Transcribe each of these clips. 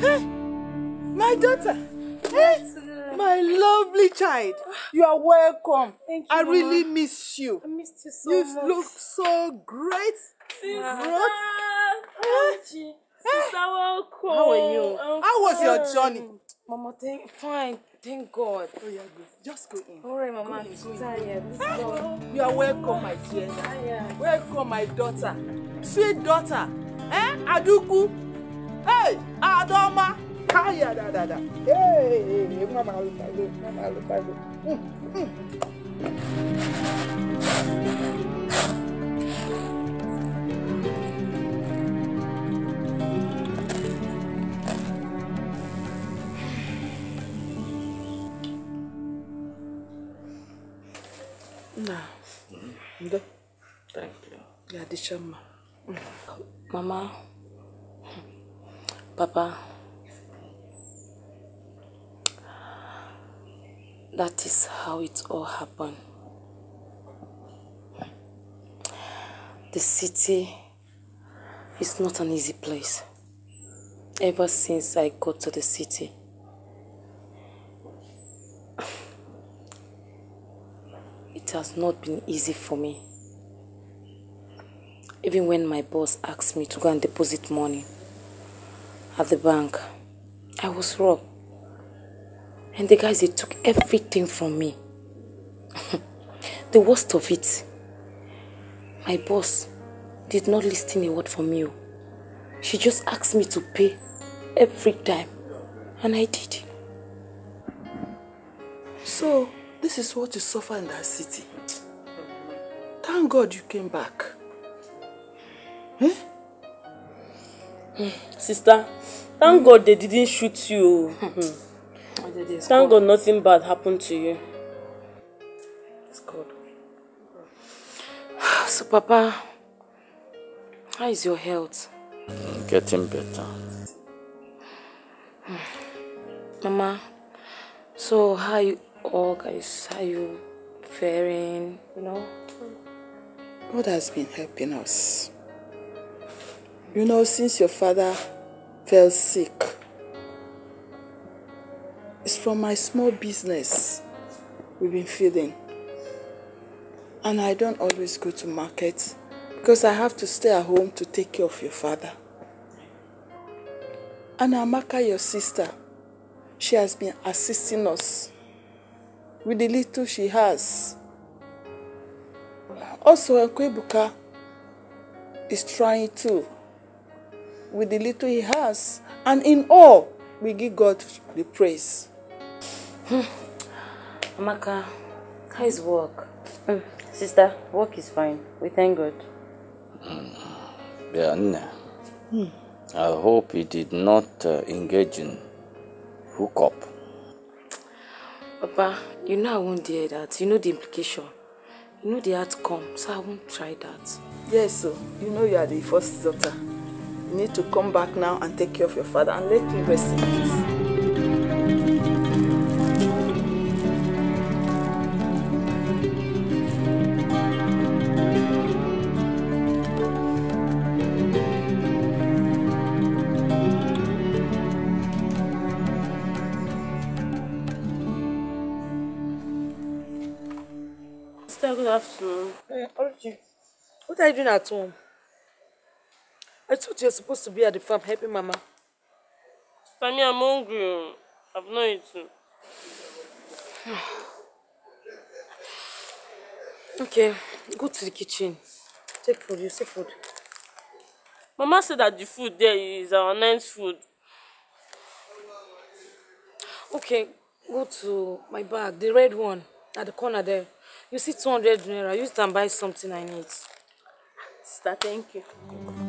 my daughter. Hey, my lovely child. You are welcome. Thank you. I really miss you. I missed you so you much. You look so great. Sister. Growth. Hey. welcome. How are you? I'm How was fine. your journey? Mama, thank fine. Thank God. Oh, yeah, good. Just go in. All right, Mama. Go in, go in. Tired. Hey. Ah, you are welcome, my dear. Welcome, my daughter. Sweet daughter. Eh? Aduku. Hey, Adoma. Kaya ah, da da da. Hey, mama lupa lu, mama lupa lu. Mm, mm. Nah, mm. thank you. Yeah, this mama. Mama. Papa, that is how it all happened. The city is not an easy place. Ever since I got to the city, it has not been easy for me. Even when my boss asked me to go and deposit money, at the bank. I was robbed. And the guys, they took everything from me. the worst of it, my boss did not listen a word from you. She just asked me to pay every time. And I did. So, this is what you suffer in that city. Thank God you came back. Huh? Eh? Sister, thank God they didn't shoot you. thank God nothing bad happened to you. It's good. So, Papa, how is your health? Getting better. Mama, so how you all oh, guys, how you faring, you know? God has been helping us. You know, since your father fell sick, it's from my small business we've been feeding. And I don't always go to market because I have to stay at home to take care of your father. And Amaka, your sister, she has been assisting us with the little she has. Also, Nkwebuka is trying to with the little he has, and in all, we give God the praise. Amaka, how is work? Mm. Sister, work is fine. We thank God. Yeah, mm. I hope he did not uh, engage in hookup. Papa, you know I won't hear that. You know the implication. You know the outcome, so I won't try that. Yes, so you know you are the first daughter. You need to come back now and take care of your father and let me rest in peace. Good afternoon. Hey, eh, what are you doing at home? I thought you were supposed to be at the farm helping Mama. Sammy, I'm hungry. Oh. I've not eaten. okay, go to the kitchen. Take food, you see food. Mama said that the food there is our nice food. Okay, go to my bag, the red one at the corner there. You see 200 naira, use it and buy something I need. Sister, thank you. Mm -hmm.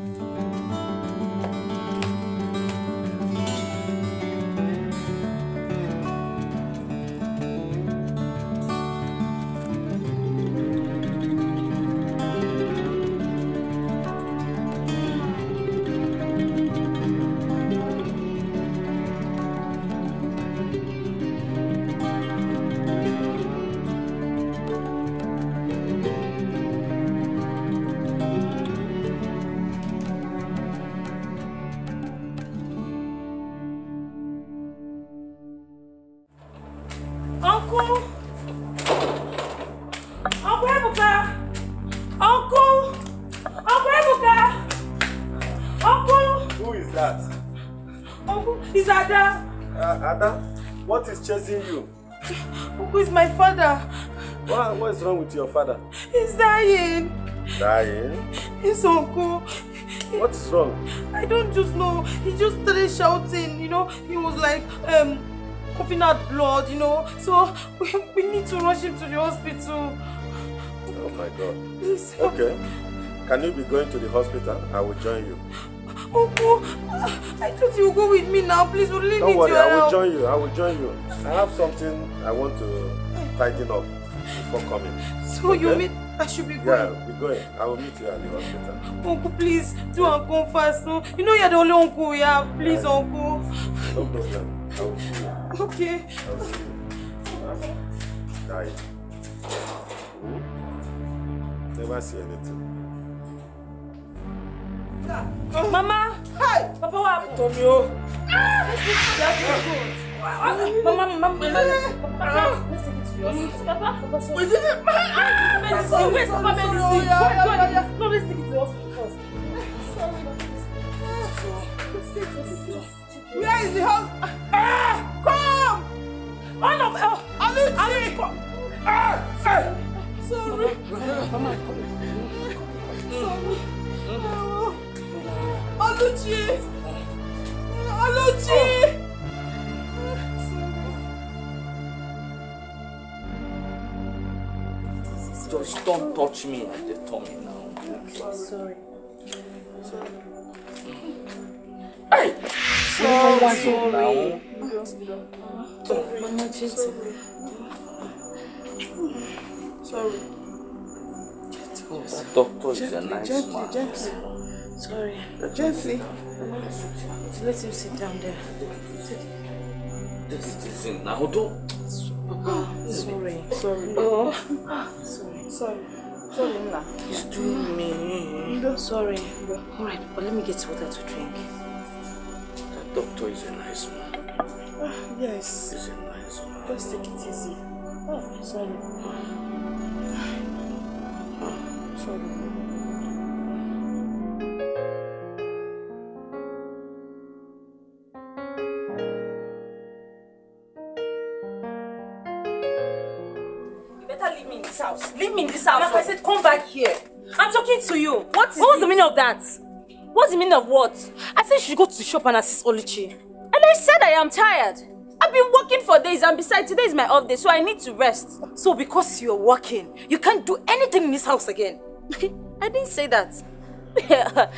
chasing you. Who is my father? What, what is wrong with your father? He's dying. Dying? His uncle. What is wrong? I don't just know. He just started shouting, you know. He was like, um, coughing out blood, you know. So we, we need to rush him to the hospital. Oh my God. Please. Okay. Can you be going to the hospital? I will join you. Uncle, ah, I thought you would go with me now. Please, would leave Don't me worry, to your I will join you. I will join you. I have something I want to tighten up before coming. So okay? you meet. I should be going? Yeah, be going. I will meet you at the hospital. Uncle, please, do yeah. uncle fast. No? You know you're the only uncle we have. Please, yeah. uncle. No problem. I will see you. Okay. I will see you. Okay. Die. Never see anything. Mama! Hi! Papa, what happened? Tommy, oh! Mama, mama, mama! Let's take it to your hospital. Papa? Ah! Papa, sorry. Wait, wait, medicine. Wait, Papa, medicine. Go, go, go. No, let's take it to the hospital first. Sorry. Let's take it to the hospital. Where is the hospital? Ah! Come! All of... Oh! Aluchi! Aluchi! Ah! Sorry! Sorry. Mama, come. Sorry. Oh. Oluchi! Oluchi! Just don't touch me at the tummy now. Okay, sorry. Sorry. Hey! Sorry. Sorry. sorry. Now. Sorry. Mama, sorry. Sorry. That doctor is a nice man. Sorry. Gently. Let him sit down there. This is now. Don't. Ah, sorry. Sorry. No. Oh. Sorry. Sorry. Sorry, He's doing me. Sorry. All right, but let me get water to drink. That doctor is a nice man. Ah, yes. He's a nice man. Just take it easy. Oh, sorry. Sorry. house. Leave me in this house. I said come back here. I'm talking to you. What is What was the meaning of that? What's the meaning of what? I said she should go to the shop and assist Olichi. And I said I am tired. I've been working for days and besides today is my off day so I need to rest. So because you're working, you can't do anything in this house again. I didn't say that.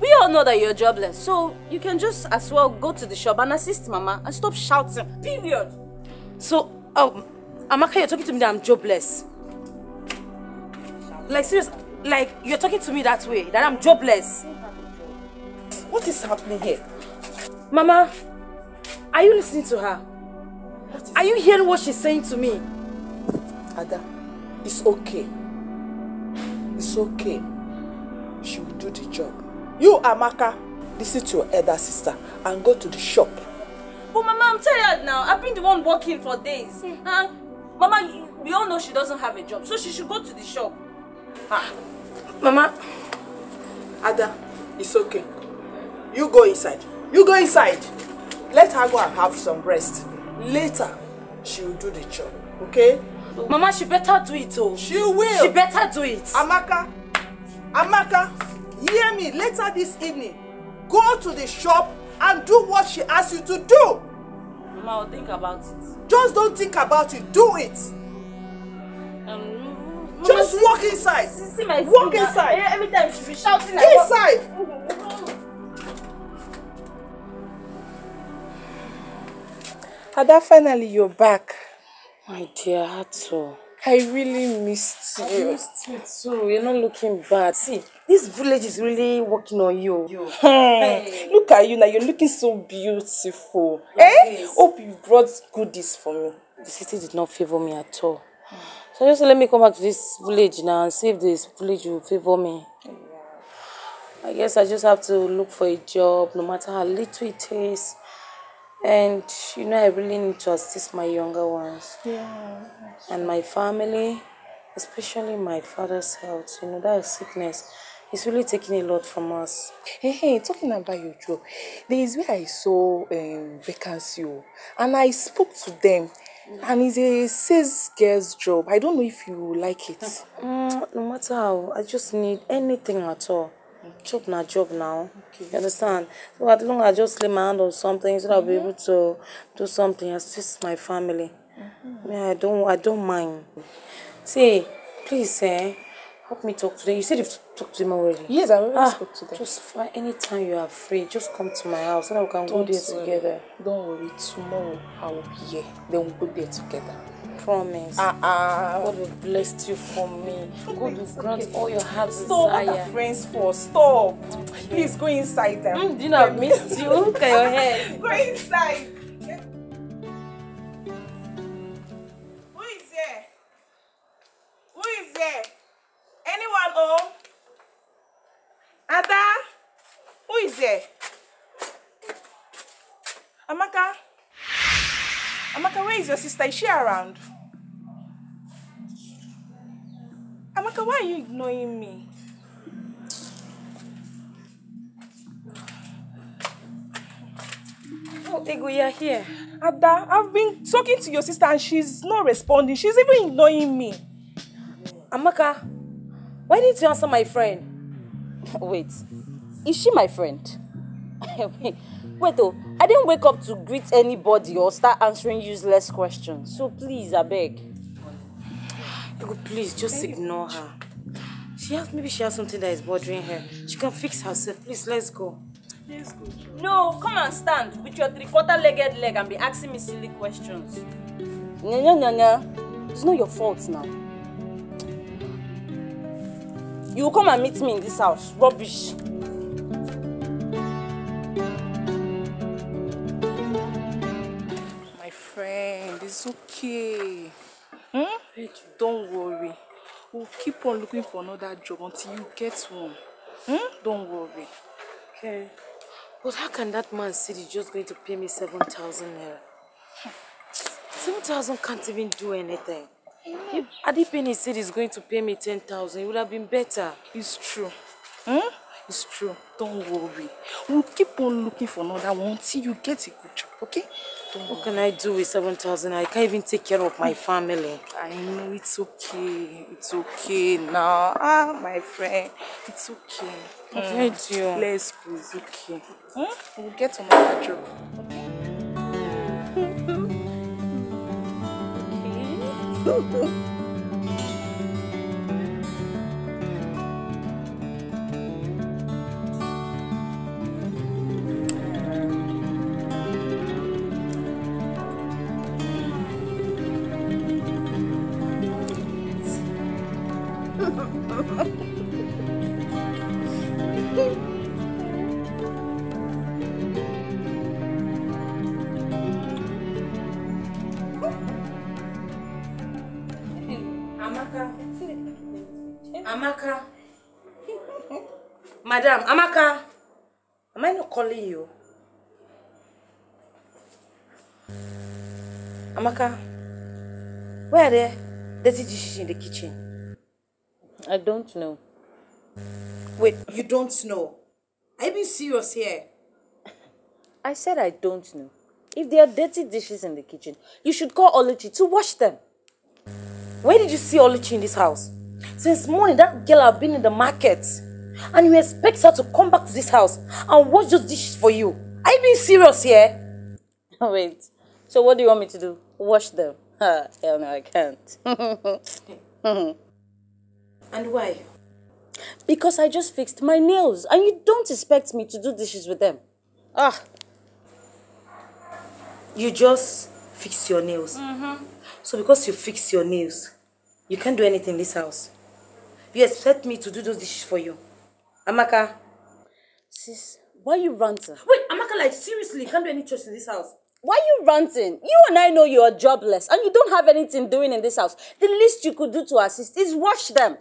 we all know that you're jobless so you can just as well go to the shop and assist mama and stop shouting. Period. So, um, Amaka, you're talking to me that I'm jobless. Like serious, like you're talking to me that way, that I'm jobless. What is happening here? Mama, are you listening to her? Are you hearing what she's saying to me? Ada, it's okay. It's okay. She will do the job. You, Amaka, listen to your elder sister and go to the shop. But oh, Mama, I'm tired now. I've been the one working for days. Mm. Uh, Mama, we all know she doesn't have a job, so she should go to the shop. Ah. Mama. Ada, it's okay. You go inside. You go inside. Let her go and have some rest. Later, she will do the job. Okay? Mama, she better do it oh. She will. She better do it. Amaka. Amaka, hear me. Later this evening, go to the shop and do what she asks you to do. Mama, I'll think about it. Just don't think about it. Do it. Um, Just walk inside. See my walk inside. Every time she be shouting like inside. Ada, finally you're back. My dear Hato. I really missed you. I missed you too. You're not looking bad. See, this village is really working on you. you. Hmm. Hey. Look at you now. You're looking so beautiful. Yes. Eh? Hope you brought goodies for me. The city did not favor me at all. So just let me come back to this village now and see if this village will favor me. I guess I just have to look for a job, no matter how little it is. And you know, I really need to assist my younger ones. Yeah. And my family, especially my father's health. You know, that sickness is really taking a lot from us. Hey, hey, talking about your job, there is where I saw um, vacancy, oh, and I spoke to them and it's a sales girl's job. I don't know if you like it. Mm, no matter how, I just need anything at all. Okay. Job na job now. Okay. You understand? So as long as I just lay my hand on something, so mm-hmm. I'll be mm-hmm. able to do something assist my family. Mm-hmm. Yeah, I don't, I don't mind. See, please, eh help me talk to them. You said you've talked to them already. Yes, I already ah, spoke to them. Just find any time you are free. Just come to my house so that we can go there together. Don't worry. Tomorrow I will be here. Then we'll go there together. Promise. Ah ah. God will bless you for me. God will grant okay. all your hearts. Stop desire. Stop friends for. Stop. Okay. Please go inside. them. mm, do you know I miss you? Look at your head. go inside. Who is there? Who is there? there? Amaka? Amaka, where is your sister? Is she around? Amaka, why are you ignoring me? Oh, Ego, you're here. Ada, I've been talking to your sister and she's not responding. She's even ignoring me. Amaka, why didn't you answer my friend? Wait, is she my friend? Wait, though, I didn't wake up to greet anybody or start answering useless questions. So please, I beg. You could please just ignore her. She has maybe she has something that is bothering her. She can fix herself. Please, let's go. Let's go. No, come and stand with your three-quarter-legged leg and be asking me silly questions. No, no, no, no. It's not your fault now. You will come and meet me in this house. Rubbish. It's okay. Hmm? Don't worry. We'll keep on looking for another job until you get one. Hmm? Don't worry. Okay. But how can that man say he's just going to pay me 7,000 naira? 7,000 can't even do anything. Mm. If Adipeni said he's going to pay me 10,000, it would have been better. It's true. Hmm? It's true. Don't worry. We'll keep on looking for another one until you get a good job, okay? What can I do with 7,000? I can't even take care of my family. I know, it's okay. It's okay now. Ah, my friend, it's okay. What mm. can I Let's go, it's okay. Huh? We'll get on my job, okay? okay. Madam, Amaka, am I not calling you? Amaka, where are there dirty dishes in the kitchen? I don't know. Wait, you don't know? Are you being serious here? I said I don't know. If there are dirty dishes in the kitchen, you should call Oluchi to wash them. Where did you see Oluchi in this house? Since morning, that girl have been in the market. And you expect her to come back to this house and wash those dishes for you. Are you being serious here? Wait, so what do you want me to do? Wash them? Ah, hell no, I can't. and why? Because I just fixed my nails and you don't expect me to do dishes with them. Ah. You just fix your nails. Mm -hmm. So because you fix your nails, you can't do anything in this house. You expect me to do those dishes for you. Amaka. Sis, why you ranting? Wait, Amaka, like seriously, can't do any chores in this house. Why are you ranting? You and I know you are jobless and you don't have anything doing in this house. The least you could do to assist is wash them.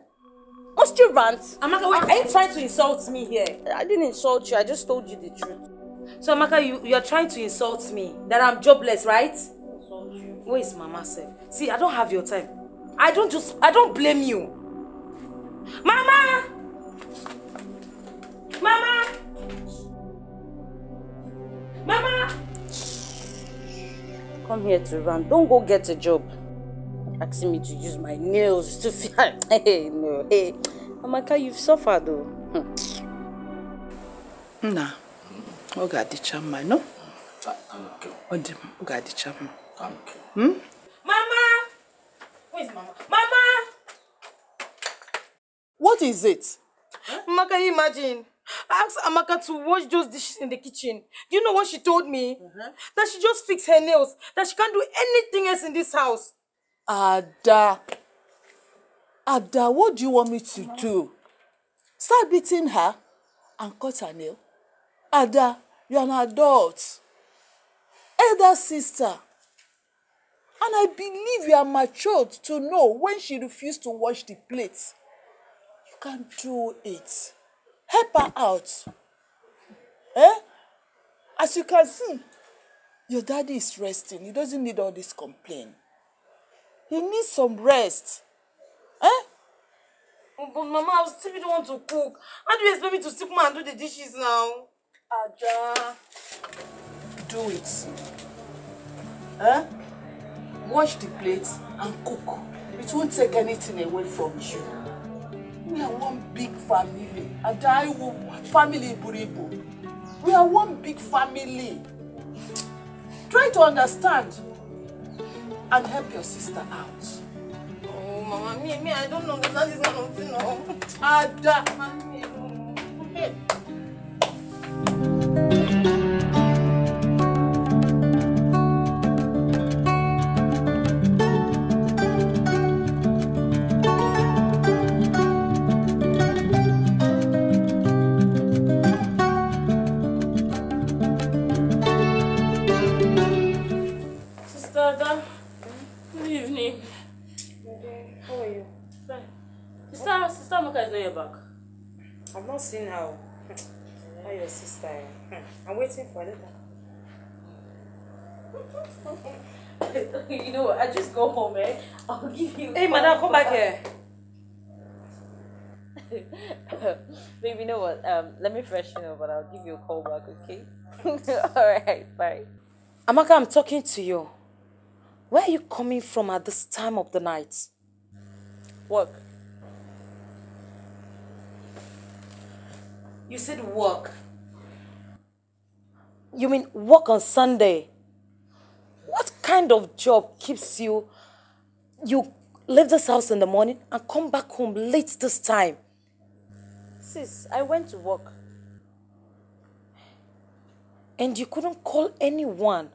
Must you rant? Amaka, wait, are you trying to insult me here? I didn't insult you, I just told you the truth. So Amaka, you, you're trying to insult me that I'm jobless, right? Insult you. Where is Mama said? See, I don't have your time. I don't just, I don't blame you. Mama! Mama! Mama! Come here to run. Don't go get a job. Asking me to use my nails to fight. hey, no. Hey, Amaka, you've suffered though. Hmm. Nah. Ọ ga-adịcha mma, no? Ọ dị m, ọ ga-adịcha mma. Mama! Where is Mama? Mama! What is it? Amaka, imagine. I asked Amaka to wash those dishes in the kitchen. Do you know what she told me? Uh -huh. That she just fixed her nails. That she can't do anything else in this house. Ada. Ada, what do you want me to do? Start beating her and cut her nail? Ada, you're an adult. Elder sister. And I believe you are matured to know when she refused to wash the plates. You can't do it. help her out. Eh? As you can see, your daddy is resting. He doesn't need all this complain. He needs some rest. Eh? Oh, but Mama, I still don't want to cook. How do you expect me to sit and do the dishes now? Aja. Do it. Eh? Wash the plates and cook. It won't take anything away from you. We are one big family. Adaiwo family Buribu. We are one big family. Try to understand and help your sister out. Oh, Mama, me, me, I don't understand this kind of thing. Ada. Mommy, hey. How are you? Fine. Sister, what? sister Amaka is not your back. I've not seen her. How your sister. I'm waiting for later. you know what? I just go home, eh? I'll give you. Hey, madam, come back here. Baby, you know what? Um, let me freshen up, but I'll give you a call back, okay? All right, bye. Amaka, I'm talking to you. Where are you coming from at this time of the night? Work. You said work. You mean work on Sunday? What kind of job keeps you? You leave this house in the morning and come back home late this time. Sis, I went to work. And you couldn't call anyone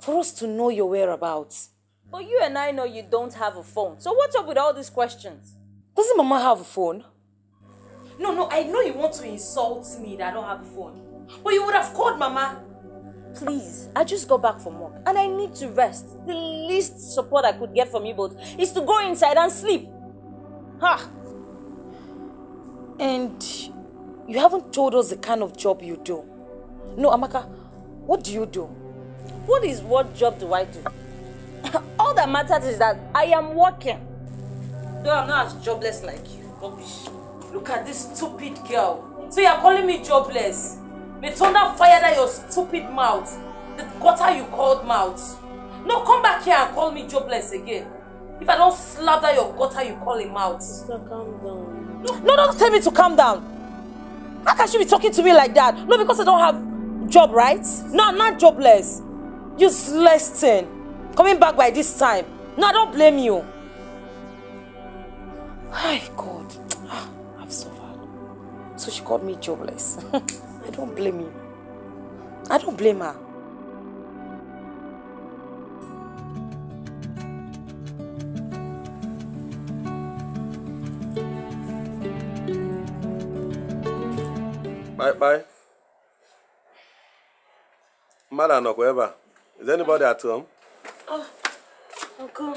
for us to know your whereabouts. But you and I know you don't have a phone. So what's up with all these questions? Doesn't Mama have a phone? No, no, I know you want to insult me that I don't have a phone. But you would have called Mama. Please, I just got back from work and I need to rest. The least support I could get from you both is to go inside and sleep. Ha! And you haven't told us the kind of job you do. No, Amaka, what do you do? What is what job do I do? All that matters is that I am working. Though I'm not as jobless like you. Rubbish. Look at this stupid girl. So you're calling me jobless? May thunder fire that your stupid mouth. The gutter you called mouth. No, come back here and call me jobless again. If I don't slap that your gutter you call him out. Sister, calm down. No, no, don't tell me to calm down. How can she be talking to me like that? No, because I don't have job, right? No, I'm not jobless. Useless thing coming back by this time. No, I don't blame you. Hi, God. Ah, I've suffered. So she called me jobless. I don't blame you. I don't blame her. Bye bye. Mother, or whoever. Is anybody at home? Oh, Uncle.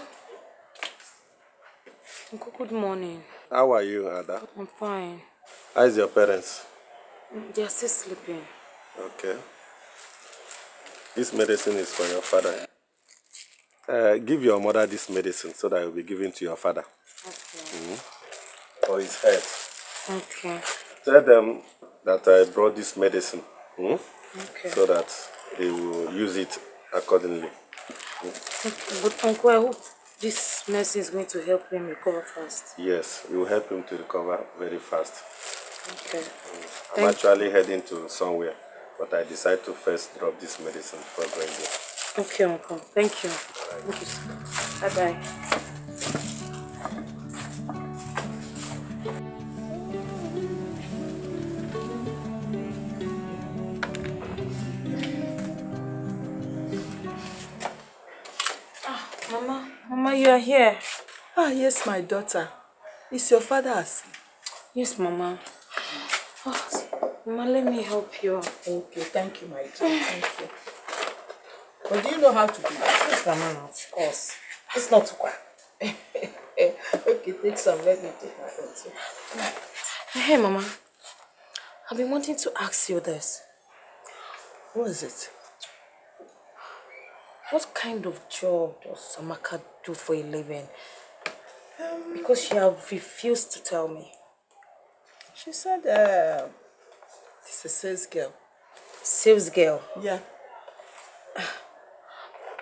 Uncle, good morning. How are you, Ada? I'm fine. How is your parents? They are still sleeping. Okay. This medicine is for your father. Uh, give your mother this medicine so that it will be given to your father. Okay. Mm -hmm. For his health. Okay. Tell them that I brought this medicine. Mm? Okay. So that they will use it accordingly. But Uncle, I hope this medicine is going to help him recover fast. Yes, it will help him to recover very fast. Okay. I'm Thank actually you. heading to somewhere, but I decide to first drop this medicine before going there. Okay, Uncle. Thank you. All right. Bye-bye. you're here. Ah, yes, my daughter. Is your father Yes, Mama. Oh, Mama, let me help you. Okay, thank you, my dear. Thank you. But do you know how to do that? Yes, Mama, of course. It's not too quiet. okay, take some. Let me take my own Hey, Mama. I've been wanting to ask you this. What is it? what kind of job does Amaka do for a living? Um, because she have refused to tell me. She said uh, um, it's a sales girl. Sales girl? Yeah.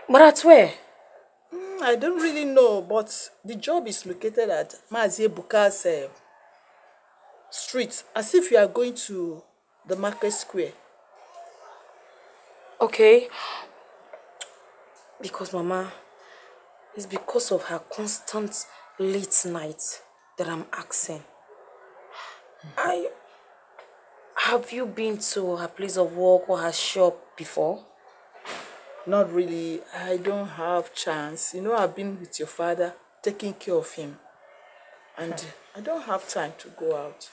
But at where? Hmm, I don't really know, but the job is located at Mazie Buka's uh, um, street, as if you are going to the market square. Okay, because, Mama, it's because of her constant late nights that I'm asking. Mm -hmm. I. Have you been to her place of work or her shop before? Not really. I don't have chance. You know, I've been with your father, taking care of him. And hmm. I don't have time to go out.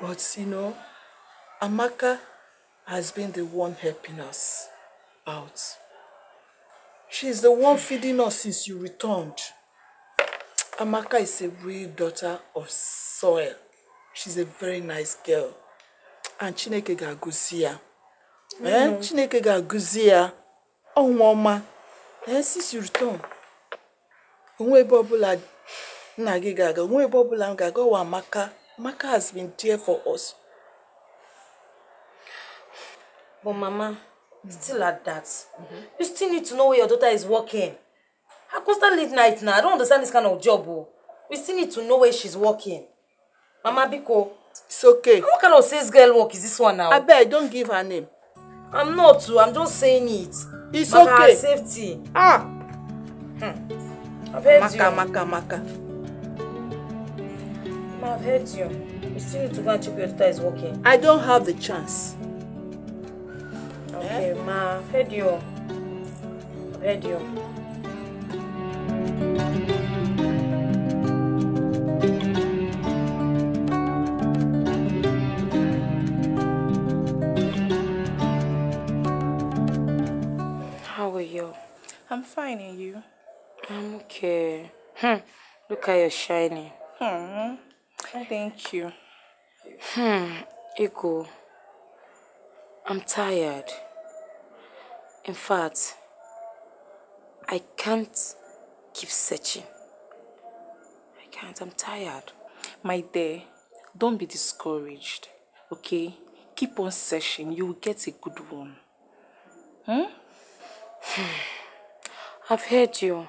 But, you know, Amaka has been the one helping us out. She is the one feeding us since you returned. Amaka is a real daughter of soil. She's a very nice girl. And Chineke ga-agọzi ya. Eh? Mm-hmm. Chineke ga-agọzi ya. Ọnwa Eh? Since you returned, Onwe ebe ọbụla nna gị ga-aga. Onwe Amaka. Amaka has been there for us. But mama, mm still at that mm-hmm. you still need to know where your daughter is working her constant late night now? i don't understand this kind of job oh. we still need to know where she's working mama biko. it's okay. what kind of sales girl work is this one now. I abeg don't give her name. i'm not o oh. i'm just saying it. it's maka okay. maka her safety. ah. Hmm. i've heard maka, you. maka maka maka. ma i've heard you. you still need to go and check where your daughter is working. i don't have the chance. Radio. Radio. How are you? I'm fine, and you? I'm okay. Hmm. Look at are shining. Hmm. Thank you. Hmm. Ego. I'm tired. In fact, I can't keep searching. I can't, I'm tired. My dear, don't be discouraged, okay? Keep on searching, you will get a good one. Hmm? I've heard you.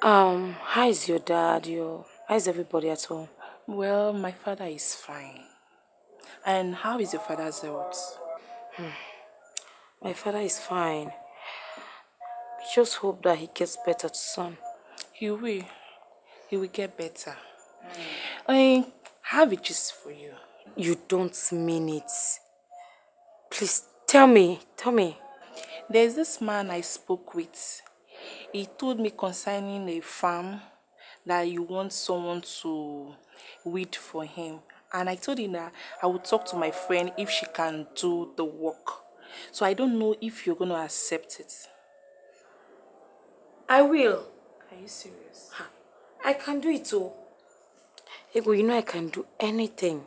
Um, how is your dad? Your how is everybody at home? Well, my father is fine. And how is your father's health? Hmm. My father is fine. We just hope that he gets better soon. He will. He will get better. Mm. I have a gist for you. You don't mean it. Please tell me. Tell me. There's this man I spoke with. He told me concerning a farm that you want someone to weed for him. And I told him that I would talk to my friend if she can do the work. So I don't know if you're going to accept it. I will. Are you serious? Huh. I can do it too. Oh. Ego, you know I can do anything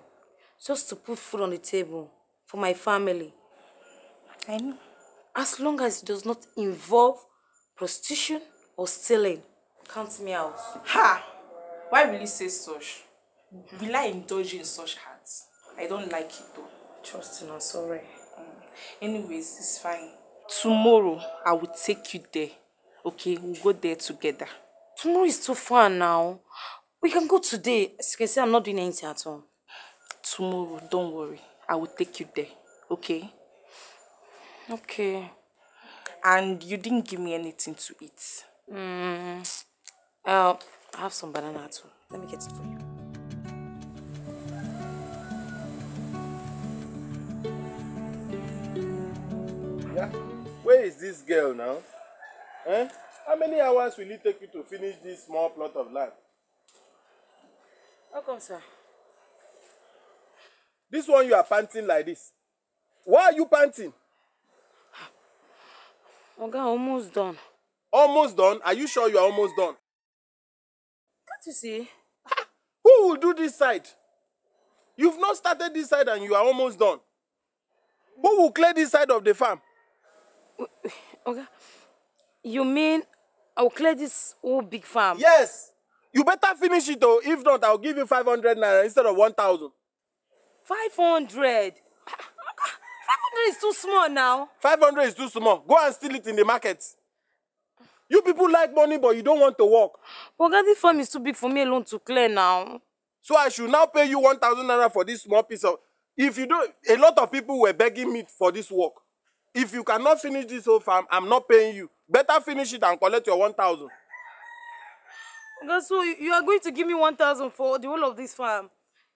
just to put food on the table for my family. I know. As long as it does not involve prostitution or stealing, count me out. Ha! Why will you say such? Will I indulge in such hearts? I don't like it though. Trust in us, alright. Anyways, it's fine. Tomorrow, I will take you there. Okay, we'll go there together. Tomorrow is too far now. We can go today. As you can see, I'm not doing anything at all. Tomorrow, don't worry. I will take you there. Okay? Okay. And you didn't give me anything to eat. Mm. Uh, I have some banana too. Let me get it for you. is this girl now? Eh? How many hours will it take you to finish this small plot of land? How come, sir? This one you are panting like this. Why are you panting? Oga, almost done. Almost done? Are you sure you are almost done? Can't you see? Who will do this side? You've not started this side and you are almost done. Who will clear this side of the farm? Okay. You mean I'll clear this whole big farm? Yes. You better finish it though. If not, I'll give you 500 naira instead of 1,000. 500? 500 is too small now. 500 is too small. Go and steal it in the market. You people like money, but you don't want to work. Oga, this farm is too big for me alone to clear now. So I should now pay you 1,000 naira for this small piece of... If you don't... A lot of people were begging me for this work. if you cannot finish this whole farm i'm not paying you better finish it and collect your one thousand. Okay, so you are going to give me one thousand for the whole of this farm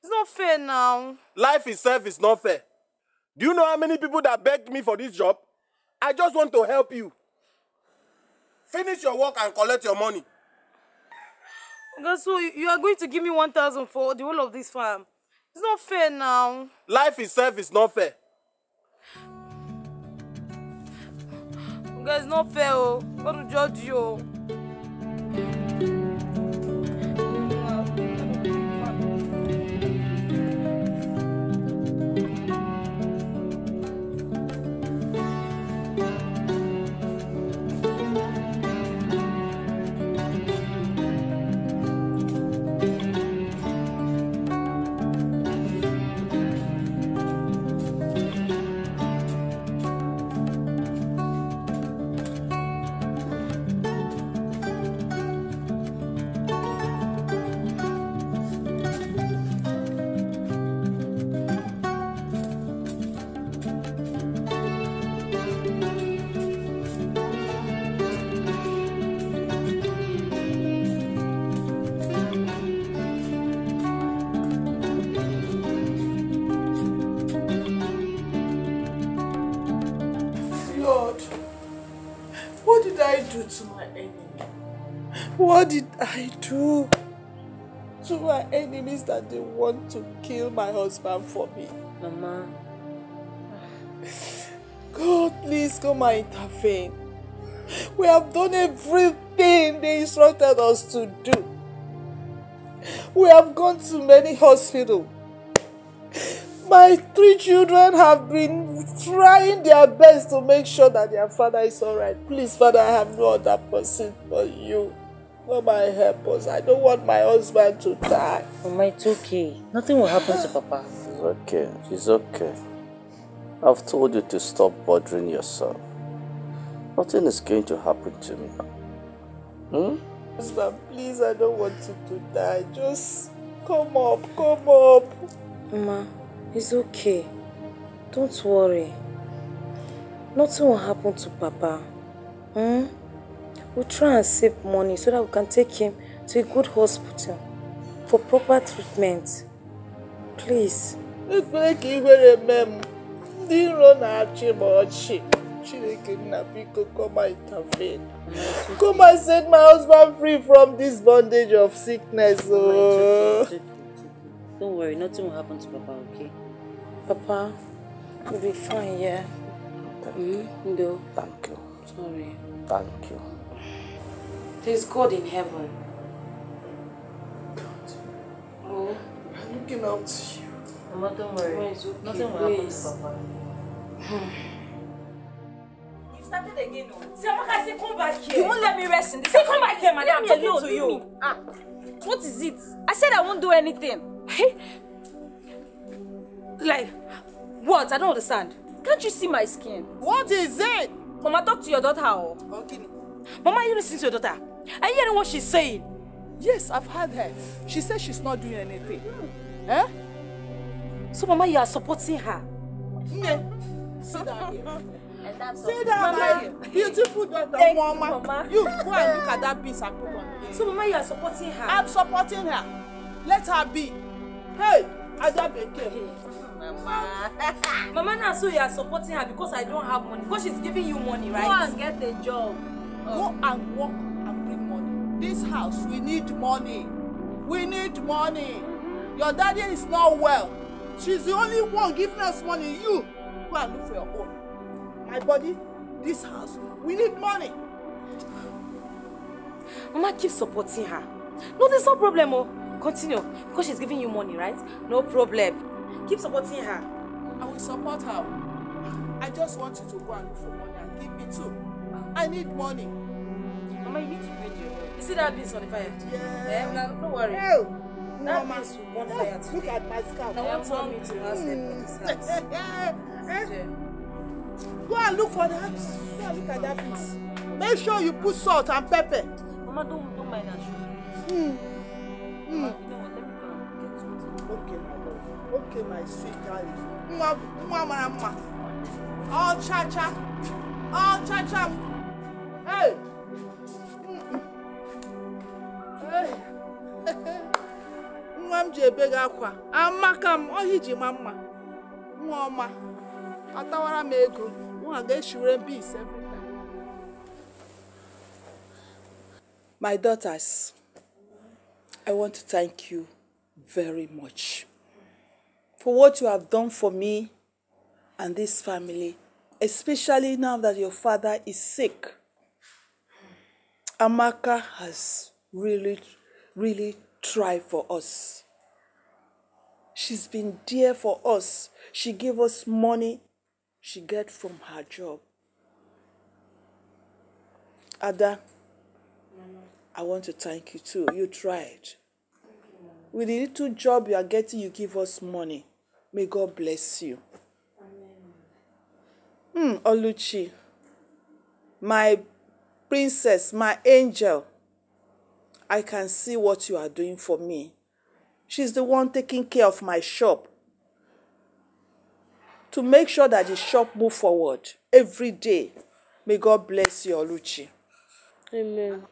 it's not fair now. life itself is not fair do you know how many people that begged me for this job i just want to help you finish your work and collect your money. Okay, so you are going to give me one thousand for the whole of this farm it's not fair now. life itself is not fair guys no fair o oh. go to judge you o. What did I do to my enemies that they want to kill my husband for me? Mama. God, please come and intervene. We have done everything they instructed us to do. We have gone to many hospitals. My three children have been trying their best to make sure that their father is alright. Please, Father, I have no other person but you. God might help us. I don't want my husband to die. Mama, it's okay. Nothing will happen to Papa. It's okay. It's okay. I've told you to stop bothering yourself. Nothing is going to happen to me. Hmm? Husband, please, I don't want you to die. Just come up, come up. Mama, it's okay. Don't worry. Nothing will happen to Papa. Hmm? We'll try and save money so that we can take him to a good hospital for proper treatment. Please. ndị iro na-achị ma ọchị chineke nna biko come intervene come and set my husband free from this bondage of sickness oh. don't worry nothing will happen to papa okay papa will be fine yeah mm -hmm. no thank you sorry thank you there is God in heaven. God. Oh. I'm looking out to you. Mama, don't worry. Mama, it's okay. Nothing will happen to Papa. You've started again, oh. no? Samaka, say come back here. You won't let me rest in this. Say come back here, madam. I'm talking to you. Ah. What is it? I said I won't do anything. like, what? I don't understand. Can't you see my skin? What is it? Mama, talk to your daughter. Oh. Okay. Mama, you listen to your daughter. Are you hearing what she's saying? Yes, I've heard her. She says she's not doing anything. Mm. Eh? So, Mama, you are supporting her? Yeah. Sit down here. Sit down, Mama. Beautiful daughter, Thank Mama. You, Mama. you go and look at that piece I put on. So, Mama, you are supporting her? I'm supporting her. Let her be. Hey, Adabeke. Mama. Mama, now so you are supporting her because I don't have money. Because she's giving you money, right? Go and get a job. Oh. Go and work This house, we need money. We need money. Your daddy is not well. She's the only one giving us money. You, go and look for your own. My body, this house, we need money. Mama keep supporting her. No, there's no problem, oh. Continue. Because she's giving you money, right? No problem. Keep supporting her. I will support her. I just want you to go and look for money and give me too. I need money. Mama, you need to wait. You see that beans on the fire? Yeah. Eh, yeah, no worry. Hey. That no, beans will burn fire today. Look at my scalp. Now one told me to hmm. ask them for this house. Go and look for that. Go and look at that beans. Make sure you put salt and pepper. Mama, don't, don't mind that sugar. Mm. Mm. Mama, hmm. you know what? Let me go and get something. Okay, my love. Okay, my sweet darling. Mama, mama, mama. mwa. All cha-cha. All cha-cha. Hey! m ji ebe gị akwa amaka m ọhịa iji ma mma nwa ọma atawara m ego nwa ga-eshure mbe ise My daughters, I want to thank you very much for what you have done for me and this family, especially now that your father is sick. Amaka has really, really tried for us. She's been dear for us. She gave us money she get from her job. Ada, I want to thank you too. You tried. With the little job you are getting, you give us money. May God bless you. Hmm, Oluchi, my princess, my angel, I can see what you are doing for me. She's the one taking care of my shop to make sure that the shop move forward every day. May God bless you, Oluchi. Amen.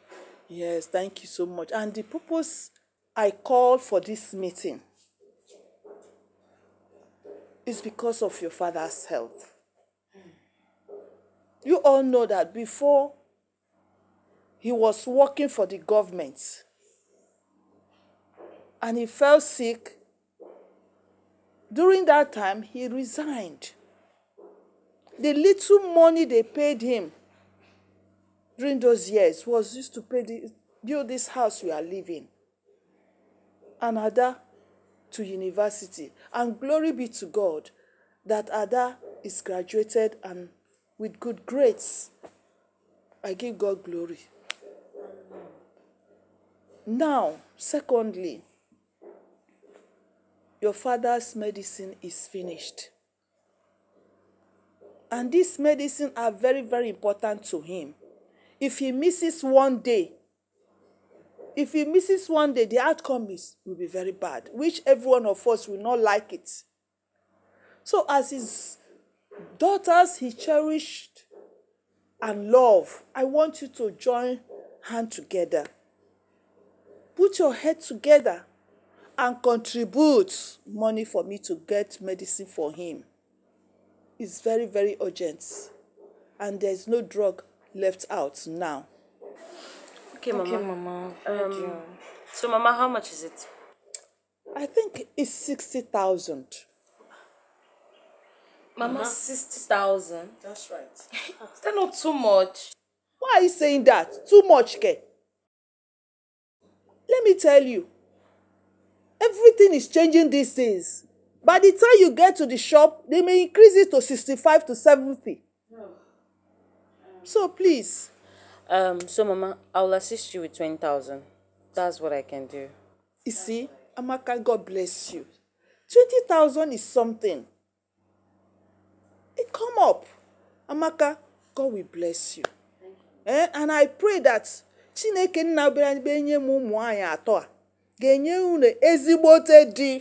Yes, thank you so much. And the purpose I call for this meeting is because of your father's health. You all know that before he was working for the government, and he fell sick. During that time, he resigned. The little money they paid him during those years was used to pay the, build this house we are living. And Ada to university. And glory be to God that Ada is graduated and with good grades. I give God glory. Now, secondly, your father's medicine is finished. And these medicine are very, very important to him. If he misses one day, if he misses one day, the outcome is will be very bad, which every one of us will not like it. So as his daughters he cherished and loved, I want you to join hand together. Put your head together and contribute money for me to get medicine for him. It's very, very urgent. And there's no drug left out now. Okay, Mama. Okay, Mama. Um, so, Mama, how much is it? I think it's 60,000. Mama, 60,000? That's right. is that not too much? Why are you saying that? Too much, Ke. Let me tell you, Everything is changing these days. By the time you get to the shop, they may increase it to 65 to 70. So please. Um, so Mama, I'll assist you with 20,000. That's what I can do. You see, Amaka, God bless you. 20,000 is something. It come up. Amaka, God will bless you. Eh? And I pray that ga-enye unu ezigbote di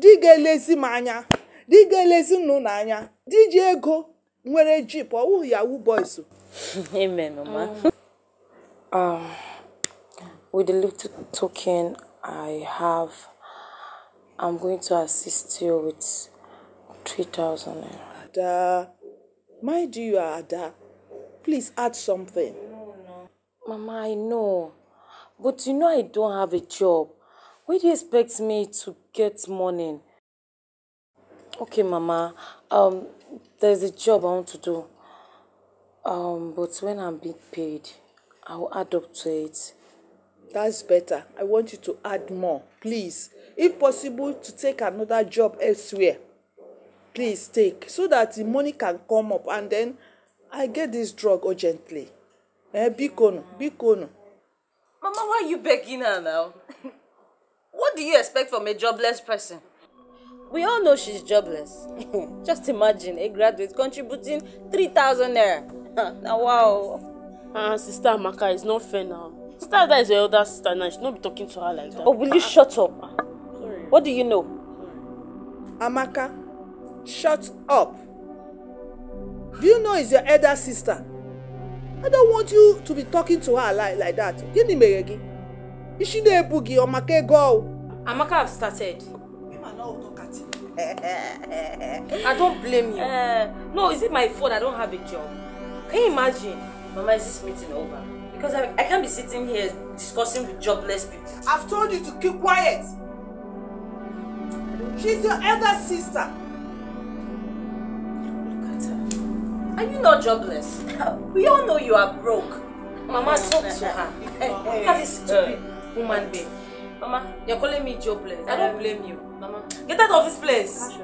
di ga-elezi m anya di ga-elezi nnu n'anya di ji ego nwere jip ọwụ boys amen mama mm. um, with the little token i have i'm going to assist you with 3000 naira ada my dear ada please add something no, no. mama i know but you know i don't have a job Where do you expect me to get money? Okay, Mama. Um, there's a job I want to do. Um, but when I'm being paid, I will add up to it. That's better. I want you to add more, please. If possible, to take another job elsewhere. Please take so that the money can come up and then I get this drug urgently. Eh, biko nu, Mama, why are you begging her now? do you expect from a jobless person? We all know she's jobless. Just imagine a graduate contributing 3,000 naira. now, wow. Uh, sister Amaka, it's not fair now. Sister Ada is your elder sister now. She should not be talking to her like that. Oh, will you shut up? What do you know? Amaka, shut up. Do you know it's your elder sister? I don't want you to be talking to her like, like that. Gini a boogie or a girl? Amaka have started. I don't blame you. Uh, no, is it my fault I don't have a job? Can you imagine? Mama, is this meeting over? Because I, I can't be sitting here discussing with jobless people. I've told you to keep quiet. She's your elder sister. Look at her. Are you not jobless? we all know you are broke. Mama, talk to her. Have a stupid eh, eh. woman being. Mama, you're calling me jobless. I don't blame you. Mama, get out of this place.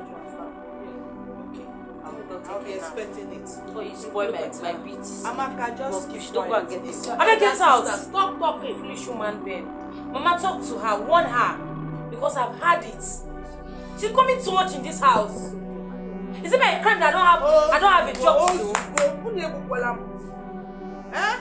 I'll be expecting it. Oh, you spoil my, my beats. Amaka, just keep Don't go and get this. Amaka, get out. Stop talking, foolish human being. Mama, talk to her. Warn her. Because I've had it. She's coming too much in this house. Is it my crime that I don't have, I don't have a job to do? Eh?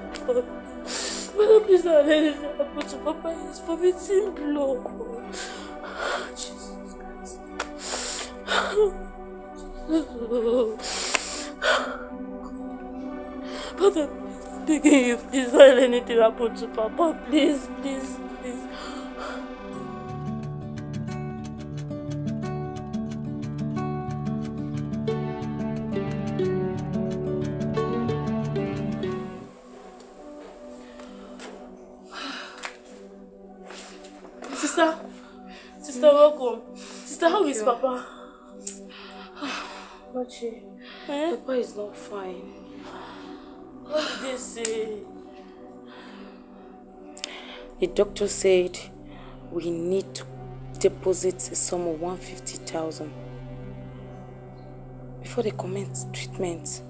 God. Father, please don't let this happen to Papa. He's vomiting blood. Oh, Jesus Christ. Jesus. Father, begging you, please don't let anything happen to Papa. Please, please, please. Yes, Papa. Machi, eh? Papa is not fine. What did they say? The doctor said we need to deposit a sum of 150,000 before they commence treatment.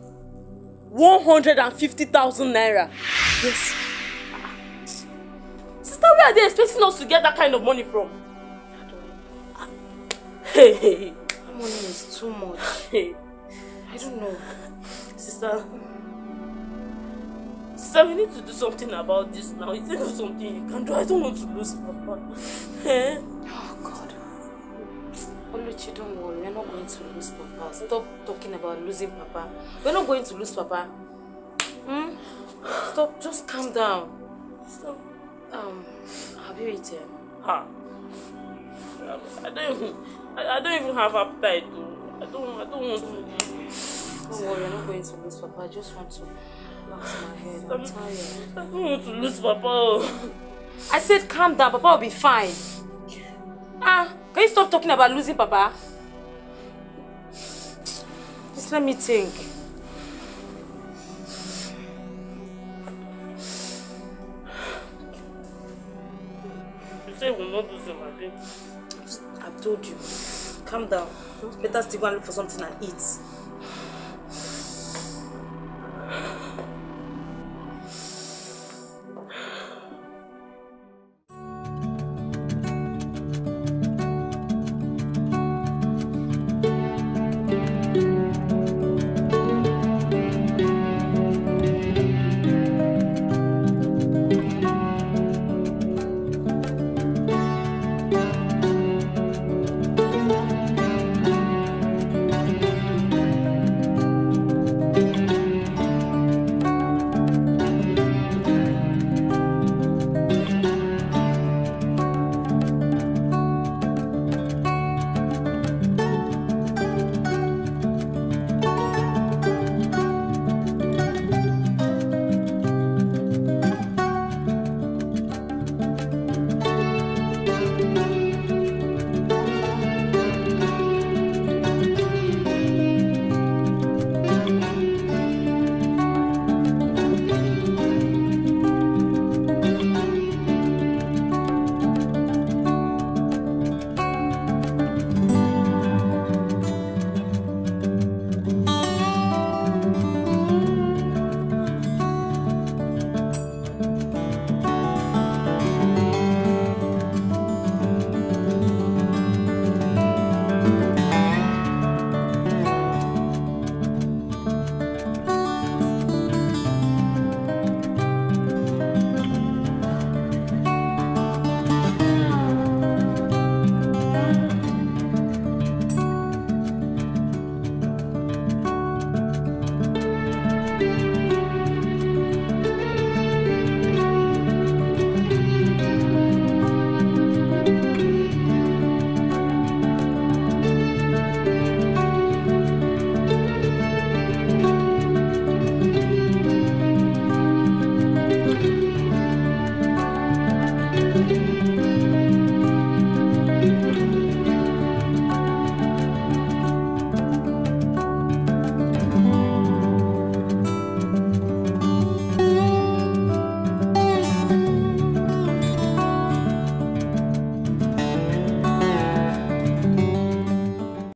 150,000 naira? Yes. Sister, where are they expecting us to get that kind of money from? Money is too much. I don't know. Sister. Sister, we need to do something about this now. Is there something you can do? I don't want to lose Papa. Eh? oh, God. Oluchi, don't worry. We're not going to lose Papa. Stop talking about losing Papa. We're not going to lose Papa. Hmm? Stop. Just calm down. Stop. Um, Have you eaten? Ha. Huh. I don't even, I don't even have appetite. I don't, I don't want to. Don't worry, I'm not going to lose Papa. I just want to relax my head. I'm, I'm tired. I don't want to lose Papa. I said calm down. Papa will be fine. Ah, can you stop talking about losing Papa? Just let me think. told you. Calm down. better still go and look for something and eat.